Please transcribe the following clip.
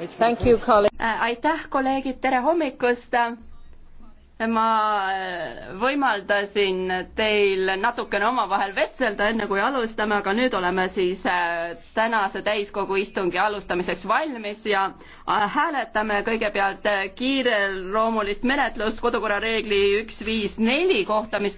You, äh, aitäh, kolleegid, tere hommikust! ma äh, võimaldasin teil natukene omavahel vestelda, enne kui alustame, aga nüüd oleme siis äh, tänase täiskogu istungi alustamiseks valmis ja hääletame kõigepealt kiireloomulist menetlust kodukorra reegli üks viis neli kohta, mis